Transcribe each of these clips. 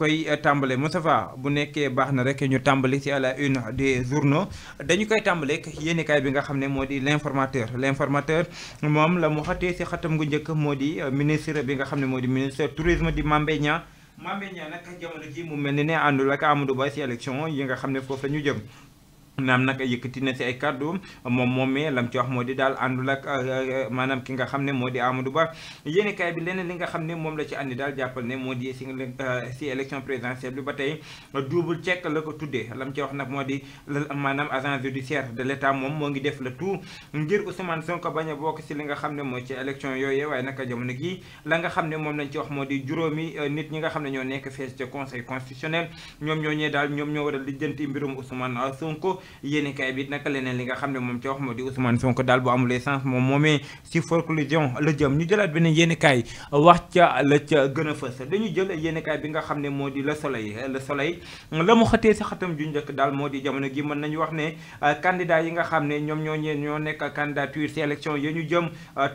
koy eh, tàmbale Moustapha bu nekkee baax na rek ñu tàmbali ci à la une des journaux dañu koy tàmbaleek yéenekaay bi nga xam ne moo di l'informateur l'informateur moom la mu xatee ci xatam gu njëkk moo di euh, ministre bi nga xam ne moo di ministre tourisme di Mame Mbaye Niang Mame Mbaye Niang nag jamono ji mu mel ni ne àndul ak Amadou Ba ci élection yi nga xam ne foofu la ñu jëm naam nag yëkkati na si ay kàddu moom moomee lam ci wax moo di daal àndul ak euh, euh, maanaam ki nga xam ne moo di Amadou Ba yéenekaay bi leneen li nga xam ne moom la ci àndi daal jàppal ne moo di si si euh, élection présidentielle bi la ko tuddee lam ci wax nag moo di maanaam agent judiciaire de moom moo ngi def le tout ngir Ousmane Sonko bañ a nga xam ne moo ci élection yooyu waaye nag jamono gi la nga moom lañ ci wax moo di juróomi nit ñi nga xam ne ñoo nekk fees ca conseil constitutionnel ñoom ñoo ñee daal ñoom ñoo war a lijjanti mbirum Ousmane Sonko yéenekaay bi naka leneen li nga xam ne moom ci wax moo di Ousmane Sonko daal bu amul essence moom moomee si forclusion la jëm ñu jëlaat wax ca la ca gën a fës dañu jël yéenekaay bi nga xam ne moo di Le Soleil Le Soleil la mu xëtee sa xatam ju njëkk daal moo di jamono gi mën nañu wax ne candidat yi nga xam ne ñoom ñoo ñeen ñoo nekk candidature si élection yi ñu jëm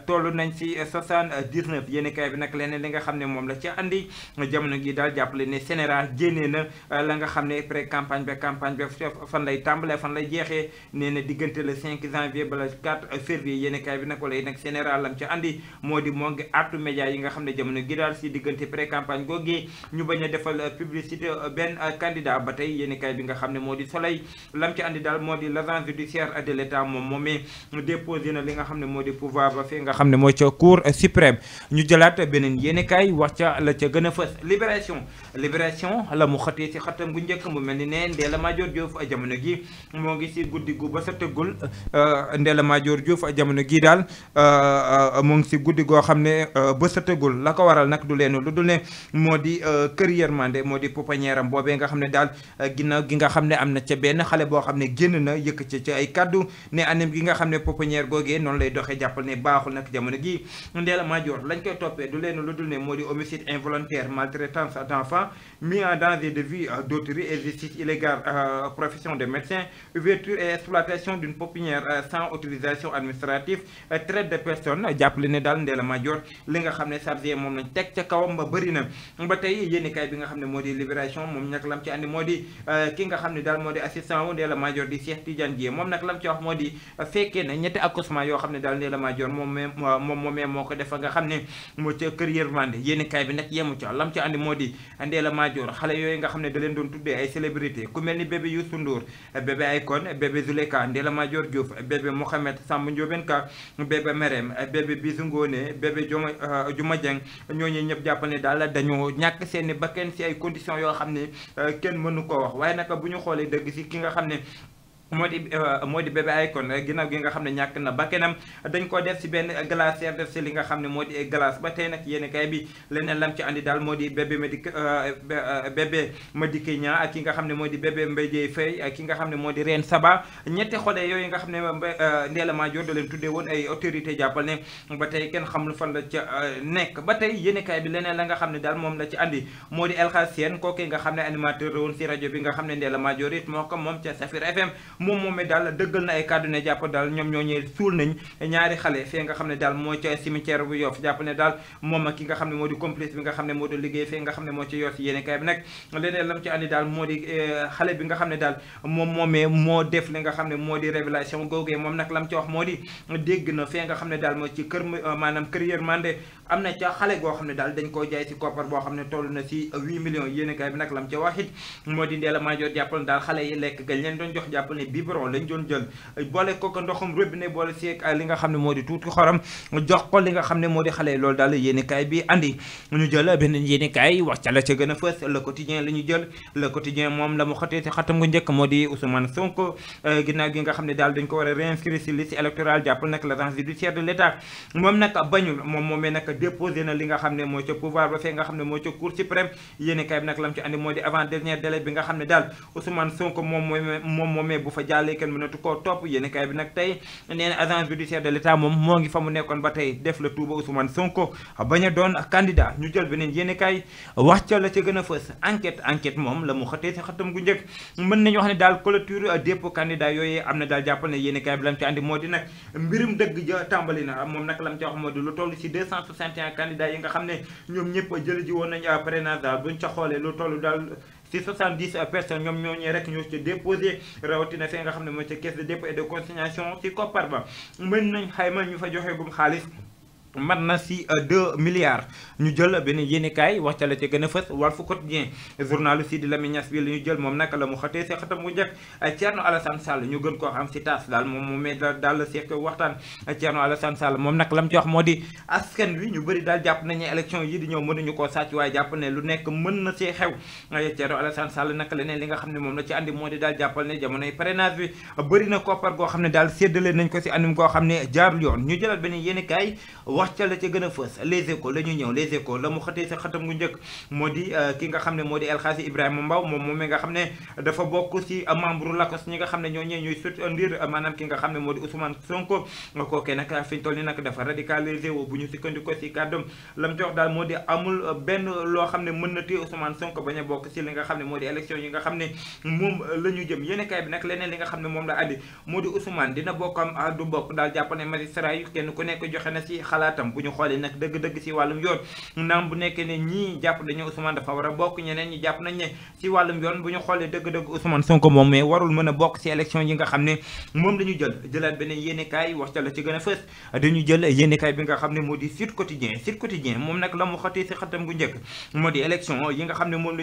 toll nañ si 79 yéenekaay bi nag leneen li nga xam ne moom la ca andi jamono gi daal jàppale ne Sénéral génnee na la nga xam ne pré campagne ba campagne ba fan lay tàmbale ne fan lay jeexee nee na diggante la cinq janvier ba le 4 février yéen kaay bi nag wala nag général lam ci andi moo di moo ngi artu média yi nga xam ne jamono gi daal si diggante pré campagne googee ñu bañ a defal publicité benn candidat ba tey yéen bi nga xam ne moo di soleil lam ci andi daal moo di la agence judiciaire de l' moom moomee déposé na li nga xam ne moo di pouvoir ba xam ne mooy ca cour suprême ñu jëlaat beneen yéen kaay wax ca la ca gën a fës liberation libération la mu xëtee si xatam gu njëkk mu mel ni ne Ndella Madior Diouf jamono gi moo ngi ci guddi gu ba setagul euh, Ndella Madior Diouf jamono gii daal euh, moo ngi ci guddi goo euh, la waral nak du leen lu dul ne moo di kër yërmande popanyeram. di pouponnière am boobee nga xam ne daal ginnaaw gi nga xam ne am na ca benn xale boo ne génn na yëkk ca ci ay ne anam gi nga ne gogé. Non, lay jamono gii Ndella major. lañ koy toppee du leen ne homicide involontaire maltraitance d'enfant mis en danger de vie d'autrui et justice illégale profession de médecin ouverture et exploitation d'une pépinière euh, sans autorisation administrative euh, traite de personnes jàppale ne daal la major li nga xamné ne chargé moom lañ teg ci kawam ba bari na ba tey kay bi nga xamné modi libération mom ñak lam ci andi modi euh, ki nga xamné dal modi assistant wu Ndella major di Cheikh Tidiane Dièye mom nak lam ci wax modi féké na ne ñetti accouchement yoo xam ne daal major mom mom mee moom moomee nga xamné ne ci carrière kër yërmande kay bi nak yemu ci lam ci andi modi di Ndella Madior xale nga xamné da leen doon ay célébrité ku melni bébé Youssou Ndour bébé bébé Akon bébé Zuleka Ndella Madior Diouf bébé Mouhamed Samb Ndiobène Ka bébé Merem bébé Bisou Ngoné bébé Juma euh, Juma Dieng ñooñu ñëpp jàpp ne daal dañoo ñàkk seen bakkan si ay conditions yoo xam ne euh, kenn mënu ko wax waaye nag bu ñu xoolee dëgg si ki nga xam ne moo di euh, moo di bébé Akon ginnaaw gi nga xam ne ñàkk na ba bakkanam dañ ko def si benn glacière def si li nga xam ne moo di glace ba tey nag yéen bi leneen lam ci andi daal moo di bébé Madické euh, euh, bébé Madické Niang ak ki nga xam ne moo di bébé Mbaye Dièye Faye ki nga xam ne moo di Reine Saba ñetti xale yooyu nga xam ne Ndella Madior da leen tuddee woon ay autorité jàppal ne ba tey kenn xamul fan la ca nekk ba tey yéen kay bi leneen la nga xam ne daal moom la ci andi moo di El Hadj Sène kooku nga xam ne animateur woon si rajo bi nga xam ne Ndella Madior it moo ko moom ca Safir FM moom moom daal dëggal na ay kàddu ne jàpp daal ñoom ñoo suul nañ ñaari xale fee nga xam ne daal moo ca cimetière bu Yoff jàpp ne daal moom ak ki nga xam ne moo di complice moo di liggéey fee nga xam ne moo ci yor yéene kaay bi nag leneen moo di eh, xale bi nga xam ne daal moomee moo def li nga xam ne moo di révélation googee moom nag lam ci wax moo di dégg na fee nga xam ne daal moo ci kër eh, maanaam kër yërmande am na ca xale goo xam ne daal dañ koo jaay si koppar boo xam ne toll na si 8 millions yéene bi nag lam ci wax moo di Ndella Madior jàppal daal xale yi lekk gañ leen doon jox jàppal ay biberon lañ doon jël boole ko ndoxum robinet boole seeg li nga xam ne moo di tuuti xorom jox ko li nga xam ne moo di xale loolu daal yéenekaay bi andi ñu jël beneen yéenekaay wax ca la ca gën a fës le quotidien la ñu jël le quotidien moo di Ousmane Sonko euh, ginnaaw gi nga xam ne daal dañ ko war a réinscrire si liste électorale jàppal nag l'agence judiciaire de l'État moom nag bañul moom moomee nag déposé na li nga xam ne moo ca pouvoir ba moom moom fa jàllee kenn mënatu koo topp yéenekaay bi nag tey nee na agence judiciaire de l'état moom moo ngi fa mu nekkoon ba tey def la tuuba Ousmane Sonko bañ a doon candidat ñu jël beneen yéenekaay wax ca la ca gën a fës enquête enquête moom la mu xëtee si xëtam gu njëkk mën nañu wax ne daal clôture dépôt candidat yooyu am na daal jàppal ne yéenekaay bi lam ci andi moo di nag mbirum dëgg ja tàmbali na moom nag lam ci wax moo di lu toll si 261 candidats yi nga xam ne ñoom ñëpp jël ji woon nañu parrainage daal xoolee lu toll daal si 70 personnes ñoom ñooñee rek ñoo ca déposé rawatina fi nga xamné mo ci caisse de dépôt et de consignation ci copar ba mën nañ xayma ñu fa joxé gum xaalis mat na si 2 euh, milliards ñu jël benn yéenekaay wax ca la ca gën a fës Walf Quotidien journalu Sidi Lamine Niass bi jël moom nag la mu xëtee si xëtam bu njëkk euh, Thierno Alassane Sall ñu gën koo xam si taas daal moom mu la seq waxtaan euh, Thierno Alassane Sall moom nag la mu ci wax moo di askan wi ñu bëri daal jàpp nañu élection yi di ñëw mënuñu koo sàcc waaye jàpp ne lu nekk mën na see xew Thierno Alassane Sall nag leneen li nga xam ne moom la ci andi moo di daal jàppal ne jamonoy parrainage bi bëri na koppar goo xam ne daal séddale nañ ko si anam goo xam ne jaarul yoon ñu jëlal benn yéenekaay wax ca la ca gën a fës les échos la ñuy ñëw les échos la mu xëtee sa xatam gu njëkk moo di euh, ki nga xam ne moo di El Hadji Ibrahima Mbaw moom moom mi nga xam ne dafa bokk si membre lakos ñi nga xam ne ñoo ñee ñuy soutenir maanaam ki nga xam ne moo di Ousmane Sonko kookee nag fi ñu toll ni nag dafa radicalisé wu bu ñu sukkandikoo si kàddoom la mu ci daal moo di amul benn loo xam ne mën na téye Ousmane Sonko bañ a bokk si li nga xam ne moo di élection yi nga xam ne moom la ñu jëm yéen bi nag leneen li nga xam ne moom la addi moo di Ousmane dina bokkam du bokk daal jàpp ne magistrat yi kenn ku nekk joxe na si xalaat atam bu ñu xoolee nag dëgg-dëgg si wàllum yoon naam bu nekkee ne ñii jàpp dañu Ousmane dafa war a bokk ñeneen ñi jàpp nañ ne si wàllum yoon bu ñu xoolee dëgg-dëgg Ousmane Sonko moom mais warul mën a bokk ci gën yi nga xam ne moom la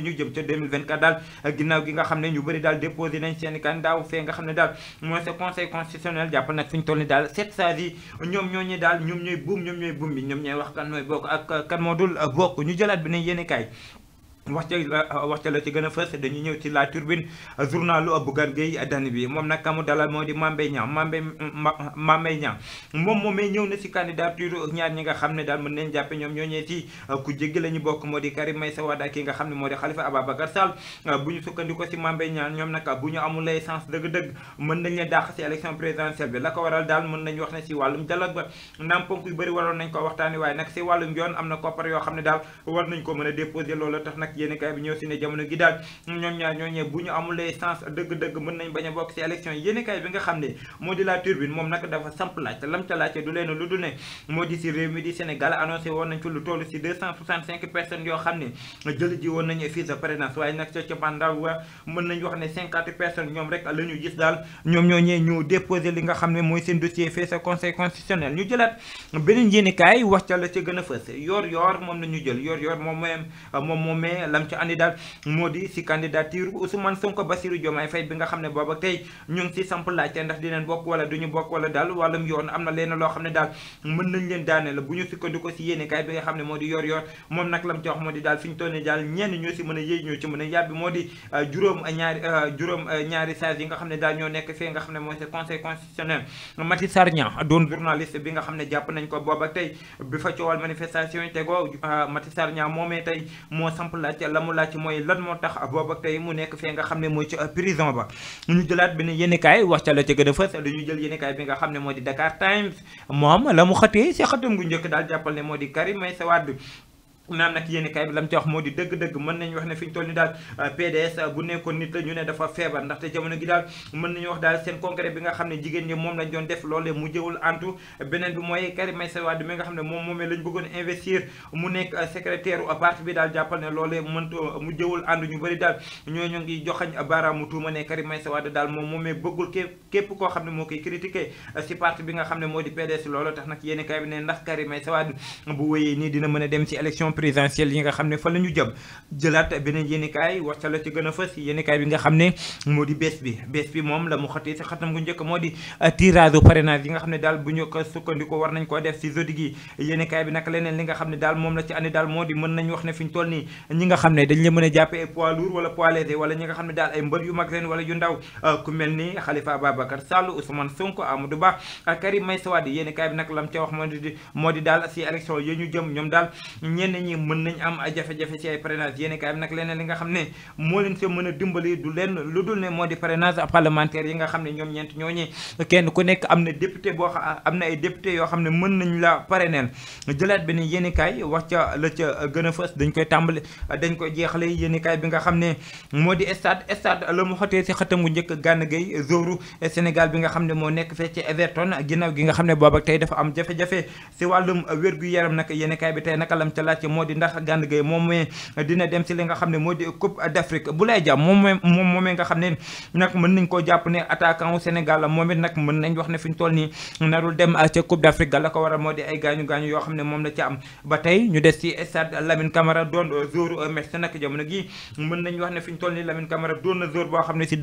jëm ca 2024 daal ginnaaw gi nga xam ne ñu bëri daal déposé nañ seen candidat fee nga xam ne daal mooy sa conseil constitutionnel jàpp nag fi ñu toll ni daal sept sages yi ñoom ñoo daal ñoom ñooy buum ñoom ñooy bum bi ñoom ñooy wax kan mooy bokk ak kan moo dul bokk ñu jëlaat beneen yéenekaay wax ca wax ca la ci gën a fës dañu ñëw ci la turbine journalu Bougane Gueye Dany bi moom nag kamu dalal moo di Mame Mbaye Niang Mame Mbaye Niang moom moomee ñëw na si candidature ñaar ñi nga xam ne daal mën nañ jàppe ñoom ñoo ñee ci ku jéggi bokk moo di Karim Meïssa Wade ki nga xam ne moo di Khalifa Ababacar Sall bu ñu sukkandiko si Mame Mbaye Niang ñoom nag bu ñu amul lay sens dëgg-dëgg mën nañ leen dàq si élection présidentielle bi la mën nañ wax si wàllum dialogue ba naam ponk yu bëri waroon nañ ko waxtaani waaye nag si wàllum yoon am na koppar yoo xam ne daal war nañ ko mën a déposé loolu tax nag nag bi ñëw si ne jamono gi daal ñoom ñaar ñooñee bu ñu amulee a bokk si élection nga xam ne moo di la turbine moom nag dafa samp laaj te lam ca laajte lu dul ne moo di si réew mi di Sénégal annoncé woon nañ ci lu toll ca ñoom rek la ñu gis daal ñoom ñooñee ñu déposé li nga xam ne mooy seen dossier fee sa conseil constitutionnel ñu jëlaat beneen yéen kaay wax ca la ca gën a fës yor yor moom la ñu jël moom moom moom ne lam moo di si candidature Ousmane Sonko Bassirou Diomaye Faye bi nga xam ne booba tey ñu ngi si samp laajte ndax dinañ bokk wala duñu bokk wala daal wàllum yoon am na leen loo xam ne daal mën nañ leen daane la bu ñu sukkandiku si yéenekaay bi nga xam ne moo di yor yor moom nag lam wax moo di daal fi ñu toll nii daal ñenn ñoo si mën a yëy ñoo ci mën a yàbbi moo di euh, juróom euh, ñaari euh, juróom ñaari sages nga xam ne daal ñoo nekk fee ca la mu laaj mooy lan moo tax booba tey mu nekk fee nga xam ne mooy ca euh, prison ba ñu jëlaat benn yéenekaay wax ca la ca gën a fës dañu jël yéenekaay bi nga xam ne moo di Dakar Times moom la mu xëtee si xëtam gu njëkk daal jàppal ne moo di Karim Meïssa Wade naam nag yéen kay bi lam ci wax moo di dëgg-dëgg mën wax ne ni euh, PDS euh, bu nekkoon nit la ñu ne dafa feebar ndaxte jamono gi daal mën nañu wax daal seen congrès bi nga xam ne jigéen ñi moom lañ doon def loolee mu jëwul antu beneen bi mooy Karim Meïssa Wade mi nga xam ne moom lañ bëggoon investir mu nekk euh, secrétaire u parti bi daal jàppal ne loolee mën mu jëwul ànd ñu bëri daal ñooñu ngi joxañ baaraamu tuuma ne Karim Meïssa Wade daal moom moomee bëggul képp képp koo xam koy critiqué si parti bi nga xam ne di PDS loolu tax nag yéen kay bi ne ndax Karim Meïssa Wade bu wéyee nii dina mën dem si élection présidentielle yi nga xam ne fa la ñu jëm jëlaat beneen yéenikaay wax ca la ci gën a fës yéenikaay bi nga xam ne moo di bees bi bees bi moom la mu xëtee euh, yi si jeudi gi yéenikaay bi moo di a daal ay mbër yu ñu jëm ñoom daal ñenn ñi mën nañ am ay jafe-jafe ci ay parrainage yéen bi nga xam ne moo a dimbali ne moo di ku nekk am na député boo xam na la parrainel jëlaat beneen yéen kaay wax ca la ca a fës dañ koy tàmbali dañ koy jeexale yéen bi nga xam ne moo di stade stade la mu xotee si xëtam bu njëkk Gana Gueye zoru Sénégal bi nga xam ne moo nekk fee ci Everton ginnaaw gi nga xam ne boobu ak tey dafa am jafe-jafe si wàllum wér gu yaram nag yéen kaay bi tey naka lam ca laaj moo di ndax Gana Gueye moom mooy dina dem si li moo di coupe d'Afrique Boulaye Dia moom mooy moom moom moom la ca am ba tey ñu des si stade Lamine Camara doon jour boo xam ne si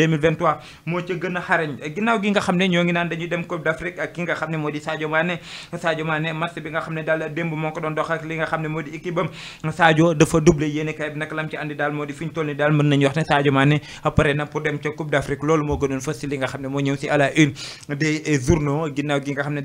moo ca gën a xarañ ginnaaw gi nga xam ne ñoo ngi naan dañuy dem coupe d'Afrique ki nga xam ne moo di Sadio Mané Sadio bi nga xam ne daal démb moo ko doon dox ak li nga xam ne moo di équipe ba Sadio dafa doublé yéen kay bi nag lam ci andi daal moo di fi ñu toll ni daal mën nañu wax ne Sadio Mané pare na pour ca Coupe d'Afrique loolu moo gënoon fas ci li nga xam ne moo ñëw ci à une des journaux ginnaaw gi nga xam ne